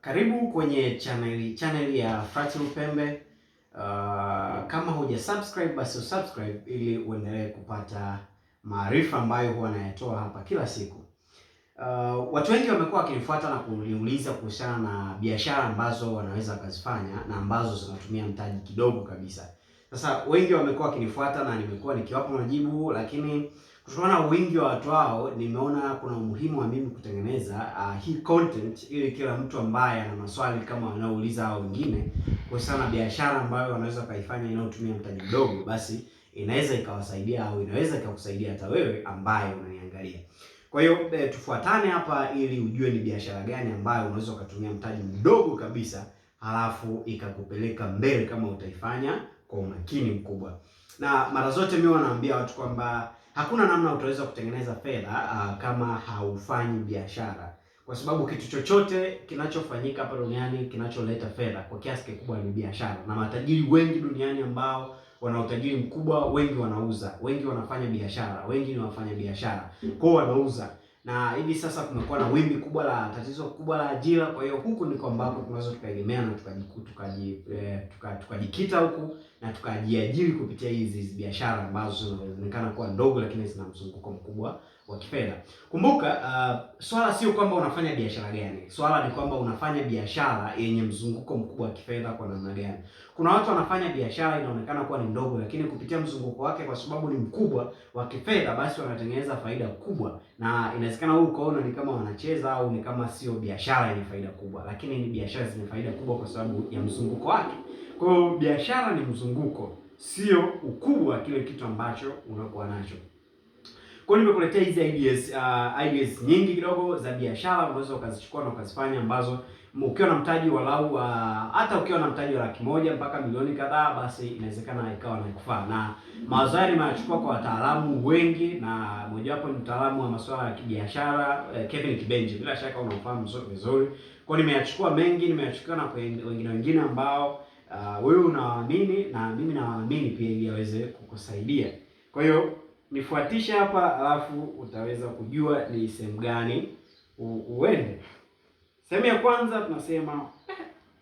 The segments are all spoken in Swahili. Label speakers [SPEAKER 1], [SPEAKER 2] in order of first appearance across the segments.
[SPEAKER 1] Karibu kwenye channel channel ya Fratil Pembe. Uh, kama huja subscribe basi subscribe ili uendelee kupata maarifa ambayo huwa nayatoa hapa kila siku. Uh, watu wengi wamekuwa wakinifuata na kuniuliza kuhusiana na biashara ambazo wanaweza wakazifanya na ambazo zinatumia mtaji kidogo kabisa. Sasa wengi wamekuwa wakinifuata na nimekuwa nikiwapa majibu, lakini Kutokana wingi wa watu hao, nimeona kuna umuhimu wa mimi kutengeneza uh, hii content ili kila mtu ambaye ana maswali kama wanaouliza hao wengine kuhusiana na biashara ambayo wanaweza kaifanya inayotumia mtaji mdogo, basi inaweza ikawasaidia au inaweza ikakusaidia hata wewe ambaye unaniangalia. Kwa hiyo e, tufuatane hapa ili ujue ni biashara gani ambayo unaweza ukatumia mtaji mdogo kabisa halafu ikakupeleka mbele kama utaifanya kwa umakini mkubwa. Na mara zote mimi wanaambia watu kwamba Hakuna namna utaweza kutengeneza fedha uh, kama haufanyi biashara, kwa sababu kitu chochote kinachofanyika hapa duniani kinacholeta fedha kwa kiasi kikubwa ni biashara, na matajiri wengi duniani ambao wana utajiri mkubwa, wengi wanauza, wengi wanafanya biashara, wengi ni wafanya biashara kwao, wanauza na hivi sasa kumekuwa na wimbi kubwa la tatizo kubwa la ajira. Kwa hiyo huku ndiko ambapo tunaweza tukaegemea na eh, tukajikita tuka, huku na tukajiajiri kupitia hizi biashara ambazo zinaonekana kuwa ndogo, lakini zina mzunguko mkubwa wa kifedha. Kumbuka uh, swala sio kwamba unafanya biashara gani, swala ni kwamba unafanya biashara yenye mzunguko mkubwa wa kifedha kwa namna gani. Kuna watu wanafanya biashara inaonekana kuwa ni ndogo, lakini kupitia mzunguko wake, kwa sababu ni mkubwa wa kifedha, basi wanatengeneza faida kubwa, na inawezekana wewe ukaona ni kama wanacheza au ni kama sio biashara yenye faida kubwa, lakini ni biashara zenye faida kubwa kwa sababu ya mzunguko wake. Kwa hiyo biashara ni mzunguko, sio ukubwa kile kitu ambacho unakuwa nacho. Kwa hiyo nimekuletea hizi ideas uh, ideas nyingi kidogo za biashara unaweza ukazichukua na ukazifanya ambazo ukiwa na mtaji walau uh, hata ukiwa na mtaji wa laki moja mpaka milioni kadhaa, basi inawezekana ikawa na kufaa. Na mawazo haya nimeachukua kwa wataalamu wengi, na mojawapo ni mtaalamu wa masuala ya kibiashara uh, Kevin Kibenje, bila shaka unamfahamu vizuri. Kwa hiyo nimeachukua mengi, nimeachukua na wengine wengine ambao uh, wewe uh, unawaamini na mimi nawaamini pia, ili yaweze kukusaidia kwa hiyo nifuatishe hapa, alafu utaweza kujua ni sehemu gani uende. Sehemu ya kwanza tunasema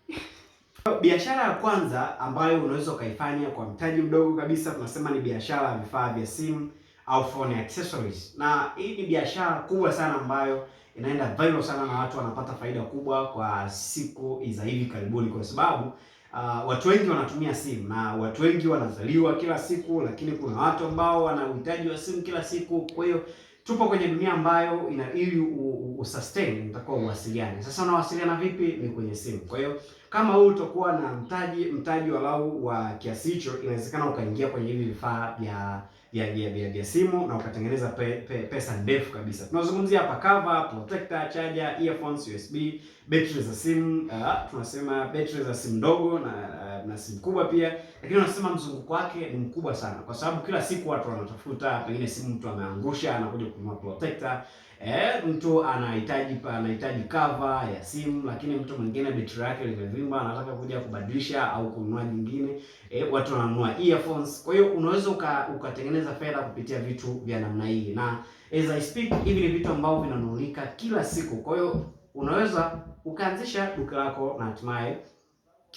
[SPEAKER 1] biashara ya kwanza ambayo unaweza ukaifanya kwa mtaji mdogo kabisa, tunasema ni biashara ya vifaa vya simu au phone accessories, na hii ni biashara kubwa sana ambayo inaenda viral sana na watu wanapata faida kubwa kwa siku za hivi karibuni, kwa sababu Uh, watu wengi wanatumia simu na watu wengi wanazaliwa kila siku, lakini kuna watu ambao wana uhitaji wa simu kila siku. Kwa hiyo tupo kwenye dunia ambayo ina ili usustain utakuwa uwasiliane. Sasa unawasiliana vipi? Ni kwenye simu. Kwa hiyo kama wewe utakuwa na mtaji mtaji walau wa kiasi hicho, inawezekana ukaingia kwenye hivi vifaa vya ya ya, ya, ya simu na ukatengeneza pe, pe, pesa ndefu kabisa. Tunazungumzia hapa cover, protector, charger, earphones, USB, battery za simu, uh, tunasema battery za simu ndogo na na si mkubwa pia, lakini wanasema mzunguko wake ni mkubwa sana, kwa sababu kila siku watu wanatafuta, pengine simu mtu ameangusha, anakuja kununua protector eh, mtu anahitaji anahitaji cover ya simu, lakini mtu mwingine betri yake limevimba, anataka kuja kubadilisha au kununua nyingine eh, watu wananunua earphones. Kwa hiyo unaweza uka, ukatengeneza fedha kupitia vitu vya namna hii, na as I speak, hivi ni vitu ambavyo vinanunulika kila siku, kwa hiyo unaweza ukaanzisha duka lako na hatimaye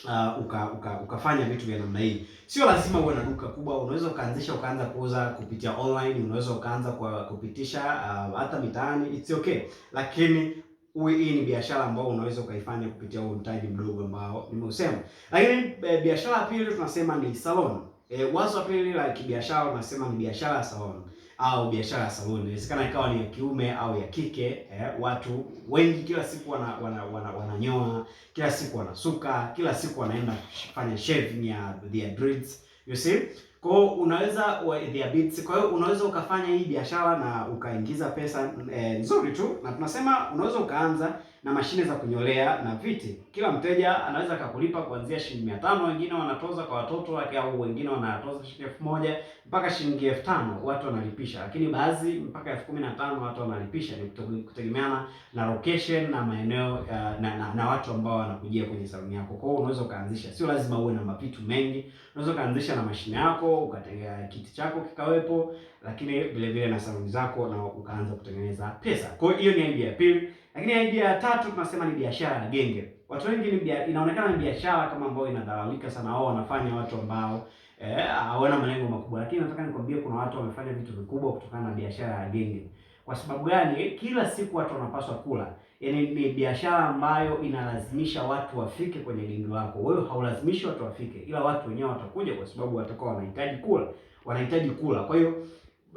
[SPEAKER 1] uh, uka, uka, ukafanya vitu vya namna hii. Sio lazima uwe na duka kubwa, unaweza ukaanzisha ukaanza kuuza kupitia online, unaweza ukaanza kwa kupitisha uh, hata mitaani, it's okay, lakini uwe hii ni biashara ambayo unaweza ukaifanya kupitia huo mtaji mdogo ambao nimeusema. Lakini e, biashara pili tunasema ni salon. E, wazo pili la kibiashara tunasema ni biashara ya salon au biashara ya saluni. Inawezekana ikawa ni ya kiume au ya kike eh. Watu wengi kila siku wana, wana, wana, wananyoa kila siku wanasuka kila siku wanaenda kufanya shaving ya their dreads you see. Kwa hiyo unaweza their beads. Kwa hiyo unaweza ukafanya hii biashara na ukaingiza pesa eh, nzuri tu, na tunasema unaweza ukaanza na mashine za kunyolea na viti. Kila mteja anaweza akakulipa kuanzia shilingi mia tano, wengine wanatoza kwa watoto wake, au wengine wanatoza shilingi elfu moja mpaka shilingi elfu tano watu wanalipisha, lakini baadhi mpaka elfu kumi na tano watu wanalipisha. Ni kutegemeana na location na maeneo na, na, na watu ambao wanakujia kwenye saluni yako. Kwa hiyo unaweza ukaanzisha, sio lazima uwe na mapitu mengi, unaweza ukaanzisha na mashine yako ukatega kiti chako kikawepo, lakini vile vile na saluni zako na ukaanza kutengeneza pesa. Kwa hiyo hiyo ni idea ya pili. Lakini idea ya tatu tunasema ni biashara ya genge. Watu wengi ni inaonekana ni biashara kama ambayo inadhalalika sana, wao wanafanya watu ambao eh, hawana malengo makubwa, lakini nataka nikwambie kuna watu wamefanya vitu vikubwa kutokana na biashara ya genge. Kwa sababu gani? Kila siku watu wanapaswa kula. Yaani ni biashara ambayo inalazimisha watu wafike kwenye genge lako. Wewe haulazimishi watu wafike, ila watu wenyewe watakuja kwa sababu watakuwa wanahitaji kula, wanahitaji kula. Kwa hiyo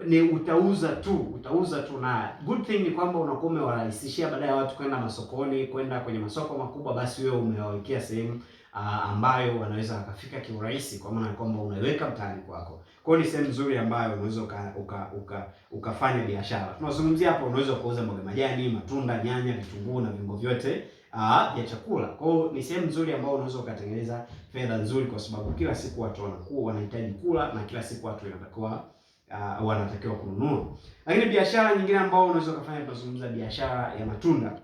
[SPEAKER 1] ni utauza tu, utauza tu, na good thing ni kwamba unakuwa umewarahisishia baada ya watu kwenda masokoni, kwenda kwenye masoko makubwa, basi wewe umewawekea sehemu uh, ambayo wanaweza wakafika kiurahisi, kwa maana kwamba unaweka mtaani kwako. Kwa hiyo ni sehemu nzuri ambayo unaweza uka, uka, uka, ukafanya biashara. Tunazungumzia hapo, unaweza kuuza mboga majani, matunda, nyanya, vitunguu na viungo vyote uh, ah, ya chakula. Kwa hiyo ni sehemu nzuri ambayo unaweza ukatengeneza fedha nzuri, kwa sababu kila siku watu wanakuwa wanahitaji kula na kila siku watu wanatakiwa uh, wanatakiwa kununua. Lakini biashara nyingine ambayo unaweza kufanya tunazungumza biashara ya matunda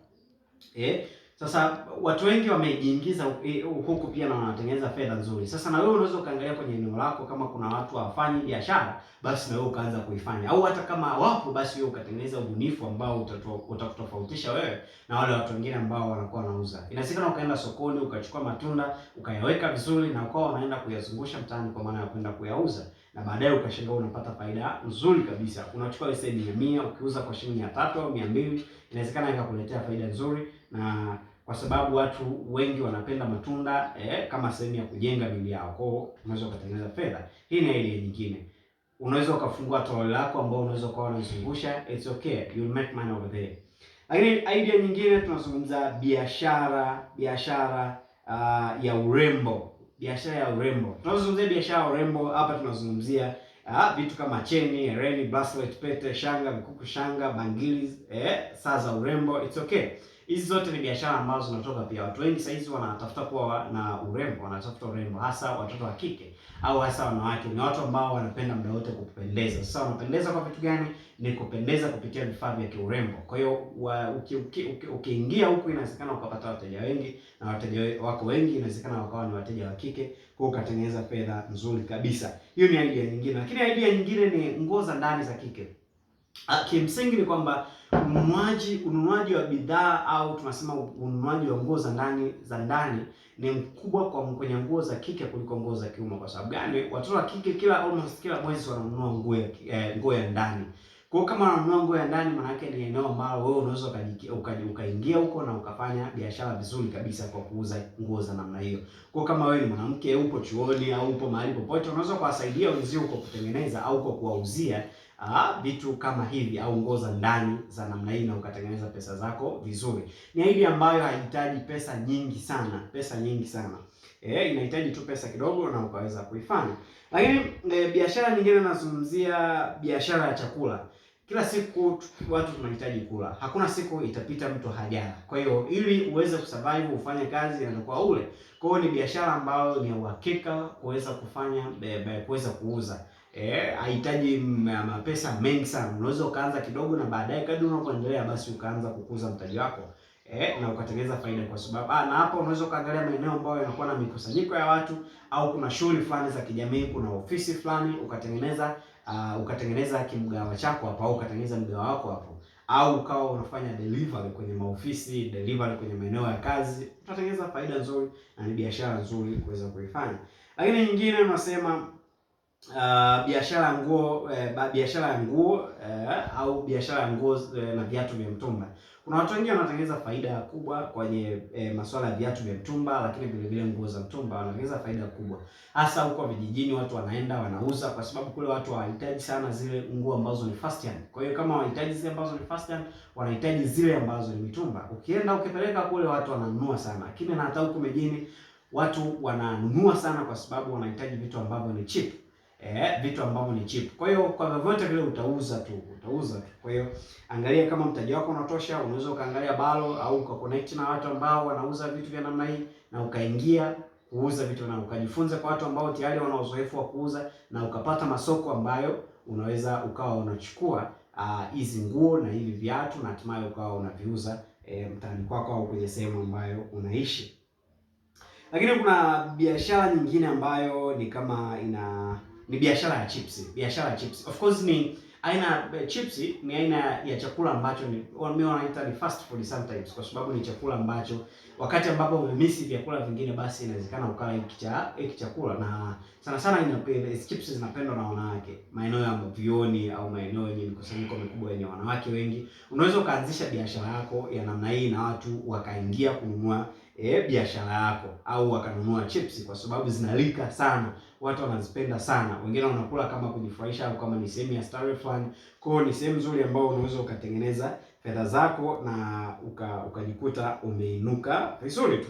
[SPEAKER 1] eh? Sasa watu wengi wamejiingiza eh, huku pia na wanatengeneza fedha nzuri. Sasa na wewe unaweza ukaangalia kwenye eneo lako, kama kuna watu hawafanyi biashara, basi na wewe ukaanza kuifanya, au hata kama wapo, basi wewe ukatengeneza ubunifu ambao utakutofautisha wewe na wale watu wengine ambao wanakuwa wanauza. Inasikana ukaenda sokoni ukachukua matunda ukayaweka vizuri, na ukawa unaenda kuyazungusha mtaani, kwa maana ya kwenda kuyauza na baadaye ukashangaa unapata faida nzuri kabisa. Unachukua leseni ya mia ukiuza kwa shilingi mia tatu mia mbili inawezekana ikakuletea faida nzuri, na kwa sababu watu wengi wanapenda matunda eh, kama sehemu ya kujenga mili yao, kwao unaweza ukatengeneza fedha. Hii ni ile nyingine unaweza ukafungua toleo lako ambao unaweza ukawa unazungusha, it's okay you make money over there. Lakini idea nyingine tunazungumza biashara biashara uh, ya urembo biashara ya urembo. Tunazungumzia biashara ya urembo hapa, tunazungumzia ah, vitu kama cheni, hereni, bracelet, pete, shanga, mikuku, shanga, bangili, eh, saa za urembo. It's okay. Hizi zote ni biashara ambazo zinatoka pia. Watu wengi saizi wanatafuta kuwa na urembo, wanatafuta urembo hasa watoto wa kike au hasa wanawake ni watu ambao wanapenda muda wote kupendeza. Sasa wanapendeza kwa vitu gani? Ni kupendeza kupitia vifaa vya kiurembo. Kwa hiyo ukiingia huku, inawezekana ukapata wateja wengi, na wateja wako wengi, inawezekana wakawa ni wateja wa kike, kwa ukatengeneza fedha nzuri kabisa. Hiyo ni idea nyingine, lakini idea nyingine ni nguo za ndani za kike. Ah, kimsingi ni kwamba ununuaji ununuaji wa bidhaa au tunasema ununuaji wa nguo za ndani za ndani ni mkubwa kwa kwenye nguo za kike kuliko nguo za kiume. Kwa sababu gani? Watoto wa kike kila almost kila mwezi wananunua nguo eh, nguo ya ndani. Kwa kama wananunua nguo ya ndani, maana yake ni eneo ambalo wewe unaweza ukaingia huko na ukafanya biashara vizuri kabisa kwa kuuza nguo za namna hiyo. Kwa kama wewe ni mwanamke, upo chuoni au upo mahali popote, unaweza kuwasaidia wenzio kwa kutengeneza au kwa kuwauzia uh, vitu kama hivi au nguo za ndani za namna hii na ukatengeneza pesa zako vizuri. Ni aidi ambayo haihitaji pesa nyingi sana, pesa nyingi sana. Eh, inahitaji tu pesa kidogo na ukaweza kuifanya. Lakini eh, biashara nyingine nazungumzia biashara ya chakula. Kila siku watu tunahitaji kula. Hakuna siku itapita mtu hajala. Kwa hiyo ili uweze kusurvive ufanye kazi na kwa ule. Kwa hiyo ni biashara ambayo ni uhakika kuweza kufanya kuweza kuuza eh, hahitaji mapesa mengi sana. Unaweza ukaanza kidogo, na baadaye kadri unapoendelea basi ukaanza kukuza mtaji wako eh, na ukatengeneza faida, kwa sababu ah, na hapo unaweza ukaangalia maeneo ambayo yanakuwa na mikusanyiko ya watu au kuna shughuli fulani za kijamii, kuna ofisi fulani ukatengeneza uh, ukatengeneza kimgawa chako hapo au ukatengeneza mgawa wako hapo au ukawa unafanya delivery kwenye maofisi, delivery kwenye maeneo ya kazi, utatengeneza faida nzuri na ni biashara nzuri kuweza kuifanya. Lakini nyingine unasema uh, biashara ya nguo eh, biashara ya nguo eh, au biashara ya nguo eh, na viatu vya mtumba. Kuna watu wengi wanatengeneza faida kubwa kwenye eh, masuala ya viatu vya mtumba, lakini vile vile nguo za mtumba wanatengeneza faida kubwa, hasa huko vijijini. Watu wanaenda wanauza, kwa sababu kule watu hawahitaji sana zile nguo ambazo ni first hand. Kwa hiyo kama wanahitaji zile ambazo ni first hand, wanahitaji zile ambazo ni mitumba. Ukienda ukipeleka kule, watu wananunua sana, lakini na hata huko mjini watu wananunua sana, kwa sababu wanahitaji vitu ambavyo ni cheap eh, vitu ambavyo ni cheap. Kwa hiyo kwa vyovyote vile utauza tu, utauza tu. Kwa hiyo angalia kama mtaji wako unatosha, unaweza ukaangalia balo au ukaconnect na watu ambao wanauza vitu vya namna hii na ukaingia kuuza vitu na ukajifunza kwa watu ambao tayari wana uzoefu wa kuuza na ukapata masoko ambayo unaweza ukawa unachukua ah, hizi uh, nguo na hivi viatu na hatimaye ukawa unaviuza eh, mtaani kwako au kwenye sehemu ambayo unaishi. Lakini kuna biashara nyingine ambayo ni kama ina ni biashara ya chips, biashara ya chips. Of course ni aina chips ni aina ya chakula ambacho ni wanaita ni fast food sometimes, kwa sababu ni chakula ambacho wakati ambapo umemisi vyakula vingine, basi inawezekana ukala hiki cha hiki chakula, na sana sana ina chips, zinapendwa na wanawake, maeneo ya mavioni au maeneo yenye mikusanyiko mikubwa yenye wanawake wengi. Unaweza ukaanzisha biashara yako ya namna hii na watu wakaingia kununua e, biashara yako au wakanunua chips kwa sababu zinalika sana, watu wanazipenda sana, wengine wanakula kama kujifurahisha au kama ni sehemu ya starehe fulani. Kwa hiyo ni sehemu nzuri ambayo unaweza ukatengeneza fedha zako na uka, ukajikuta umeinuka vizuri tu.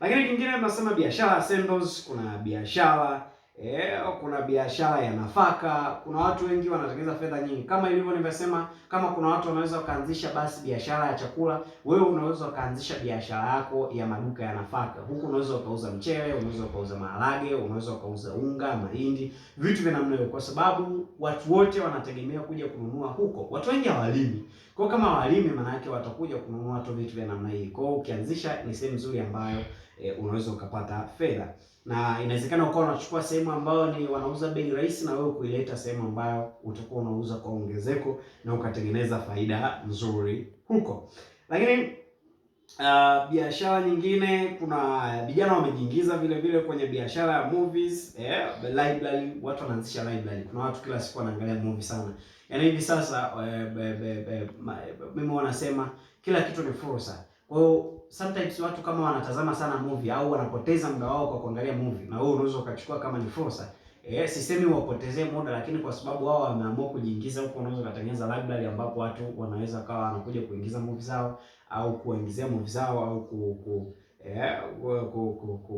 [SPEAKER 1] Lakini kingine tunasema biashara sandals, kuna biashara Eh, kuna biashara ya nafaka. Kuna watu wengi wanatengeneza fedha nyingi, kama ilivyo nimesema, kama kuna watu wanaweza wakaanzisha basi biashara ya chakula, wewe unaweza kuanzisha biashara yako ya maduka ya nafaka. Huku unaweza ukauza mchele, unaweza ukauza maharage, unaweza ukauza unga, mahindi, vitu vya namna hiyo, kwa sababu watu wote wanategemea kuja kununua huko. Watu wengi hawalimi, kwa kama hawalimi, maana yake watakuja kununua tu vitu vya namna hii. Kwa hiyo ukianzisha, ni sehemu nzuri ambayo e, unaweza ukapata fedha, na inawezekana ukawa unachukua sehemu ambayo ni wanauza bei rahisi, na wewe kuileta sehemu ambayo utakuwa unauza kwa ongezeko na ukatengeneza faida nzuri huko. Lakini uh, biashara nyingine, kuna vijana wamejiingiza vile vile kwenye biashara ya movies eh, library. Watu wanaanzisha library. Kuna watu kila siku wanaangalia movie sana, yaani hivi sasa eh, mimi wanasema kila kitu ni fursa, kwa hiyo sometimes watu kama wanatazama sana movie au wanapoteza muda wao kwa kuangalia movie, na wewe unaweza ukachukua kama ni fursa eh, sisemi wapotezee muda, lakini kwa sababu wao wameamua kujiingiza huko, unaweza ukatengeneza library ambapo watu wanaweza kawa wanakuja kuingiza movie zao au kuingizia movie zao au ku, ku eh,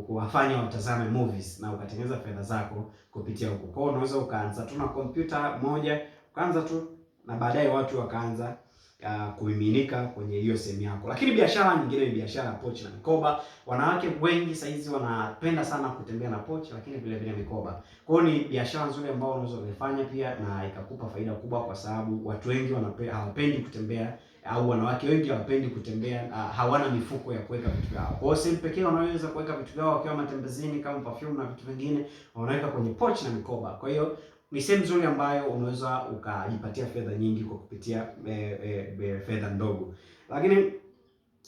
[SPEAKER 1] kuwafanya watazame movies na ukatengeneza fedha zako kupitia huko. Kwa hiyo unaweza ukaanza tu na kompyuta moja, ukaanza tu na baadaye watu wakaanza uh, kuiminika kwenye hiyo sehemu yako. Lakini biashara nyingine ni biashara ya pochi na mikoba. Wanawake wengi saa hizi wanapenda sana kutembea na pochi, lakini vile vile mikoba. Kwa hiyo ni biashara nzuri ambayo unaweza kufanya pia na ikakupa faida kubwa, kwa sababu watu wengi hawapendi kutembea au wanawake wengi hawapendi kutembea, uh, hawana mifuko ya kuweka vitu vyao. Kwa hiyo sehemu pekee wanaweza kuweka vitu vyao wakiwa matembezini, kama perfume na vitu vingine, wanaweka kwenye pochi na mikoba. Kwa hiyo ni sehemu nzuri ambayo unaweza ukajipatia fedha nyingi kwa kupitia e, e, e, fedha ndogo, lakini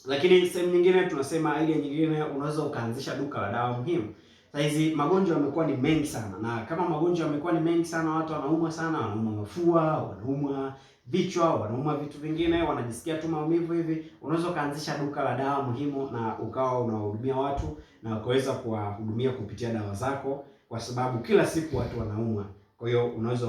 [SPEAKER 1] lakini sehemu nyingine tunasema ile nyingine, unaweza ukaanzisha duka la dawa muhimu. Saizi magonjwa yamekuwa ni mengi sana, na kama magonjwa yamekuwa ni mengi sana, watu wanaumwa sana, wanaumwa mafua, wanaumwa vichwa, wanaumwa vitu vingine, wanajisikia tu maumivu hivi, unaweza ukaanzisha duka la dawa muhimu na ukawa unawahudumia watu na ukaweza kuwahudumia kupitia dawa zako, kwa sababu kila siku watu wanaumwa. Kwa hiyo unaweza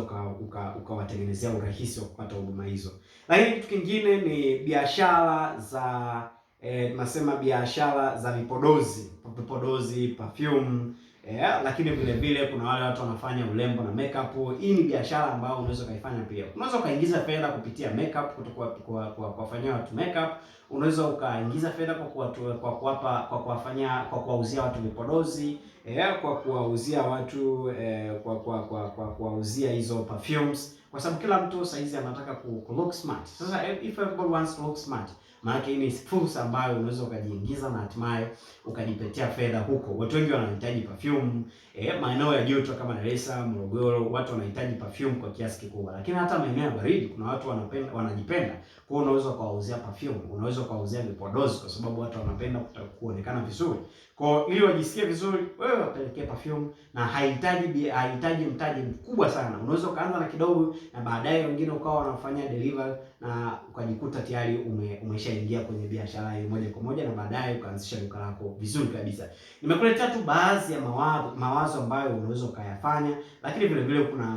[SPEAKER 1] ukawatengenezea uka, uka urahisi wa kupata huduma hizo. Lakini kitu kingine ni biashara za eh, nasema biashara za vipodozi, vipodozi, perfume yeah, lakini vile vile kuna wale watu wanafanya urembo na makeup. Hii ni biashara ambayo unaweza ukaifanya pia. Unaweza ukaingiza fedha kupitia makeup, kutokuwa kwa kwa kuwafanyia watu makeup. Unaweza ukaingiza fedha kwa kwa kwa kuwafanyia kwa kuwafanyia kwa kuwauzia watu vipodozi yeah, kwa kuwauzia watu eh, kwa kwa kwa kwa kuwauzia hizo perfumes, kwa sababu kila mtu saizi anataka ku, ku look smart. Sasa if everybody wants to look smart maana hii ni fursa ambayo unaweza ukajiingiza na hatimaye ukajipetea fedha huko. Watu wengi wanahitaji perfume, eh, maeneo ya joto kama Dar es Salaam, Morogoro, watu wanahitaji perfume kwa kiasi kikubwa, lakini hata maeneo ya baridi kuna watu wanapenda, wanajipenda. Kwa hiyo unaweza kuwauzia perfume, unaweza kuwauzia vipodozi, kwa sababu watu wanapenda kuonekana vizuri. Kwa hiyo ili wajisikie vizuri, wewe wapelekee perfume, na haihitaji haihitaji mtaji mkubwa sana. Unaweza kaanza na kidogo, na baadaye wengine ukawa wanafanya deliver na ukajikuta tayari ume, umeshaingia kwenye biashara hiyo moja kwa moja, na baadaye ukaanzisha duka lako vizuri kabisa. Nimekuletea tu baadhi ya mawazo mawazo ambayo unaweza ukayafanya, lakini vile vile kuna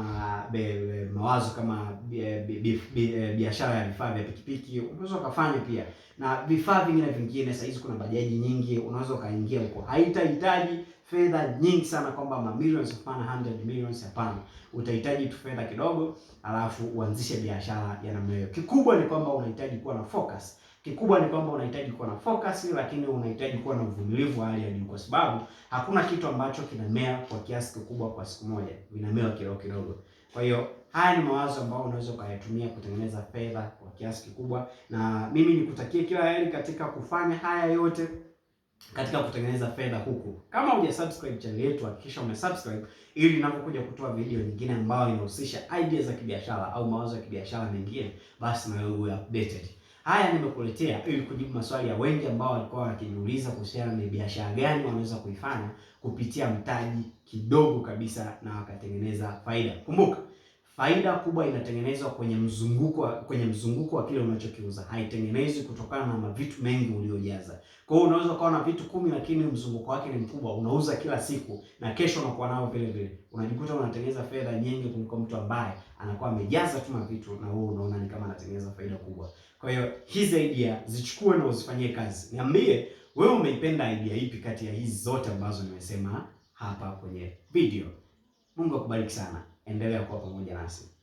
[SPEAKER 1] be, be, mawazo kama eh, biashara ya vifaa vya pikipiki unaweza ukafanya pia, na vifaa vingine vingine. Saa hizi kuna bajaji nyingi, unaweza ukaingia huko, haitahitaji fedha nyingi sana, kwamba ma hapana, hundred millions, hapana. Utahitaji tu fedha kidogo, alafu uanzishe biashara ya namna hiyo. Kikubwa ni kwamba unahitaji kuwa na focus Kikubwa ni kwamba unahitaji kuwa na focus, lakini unahitaji kuwa na uvumilivu wa hali ya juu, kwa sababu hakuna kitu ambacho kinamea kwa kiasi kikubwa kwa siku moja, vinamea kidogo kidogo. Kwa hiyo haya ni mawazo ambayo unaweza ukayatumia kutengeneza fedha kwa kiasi kikubwa, na mimi nikutakie kila heri katika kufanya haya yote katika kutengeneza fedha huku. Kama uja subscribe channel yetu, hakikisha ume subscribe ili ninapokuja kutoa video nyingine ambayo inahusisha ideas za kibiashara au mawazo ya kibiashara mengine, basi na wewe updated. Haya nimekuletea ili kujibu maswali ya wengi ambao walikuwa wakiniuliza kuhusiana na biashara gani wanaweza kuifanya kupitia mtaji kidogo kabisa na wakatengeneza faida. Kumbuka, faida kubwa inatengenezwa kwenye mzunguko kwenye mzunguko wa kile unachokiuza, haitengenezwi kutokana na mavitu mengi uliojaza. Kwa hiyo unaweza kuwa na vitu kumi, lakini mzunguko wake ni mkubwa, unauza kila siku na kesho unakuwa nao vile vile, unajikuta unatengeneza fedha nyingi kuliko mtu ambaye anakuwa amejaza tu mavitu, na wewe unaona ni kama anatengeneza faida kubwa. Kwa hiyo hizi idea zichukue na uzifanyie kazi. Niambie wewe umeipenda idea ipi kati ya hizi zote ambazo nimesema hapa kwenye video. Mungu akubariki sana. Endelea kuwa pamoja nasi.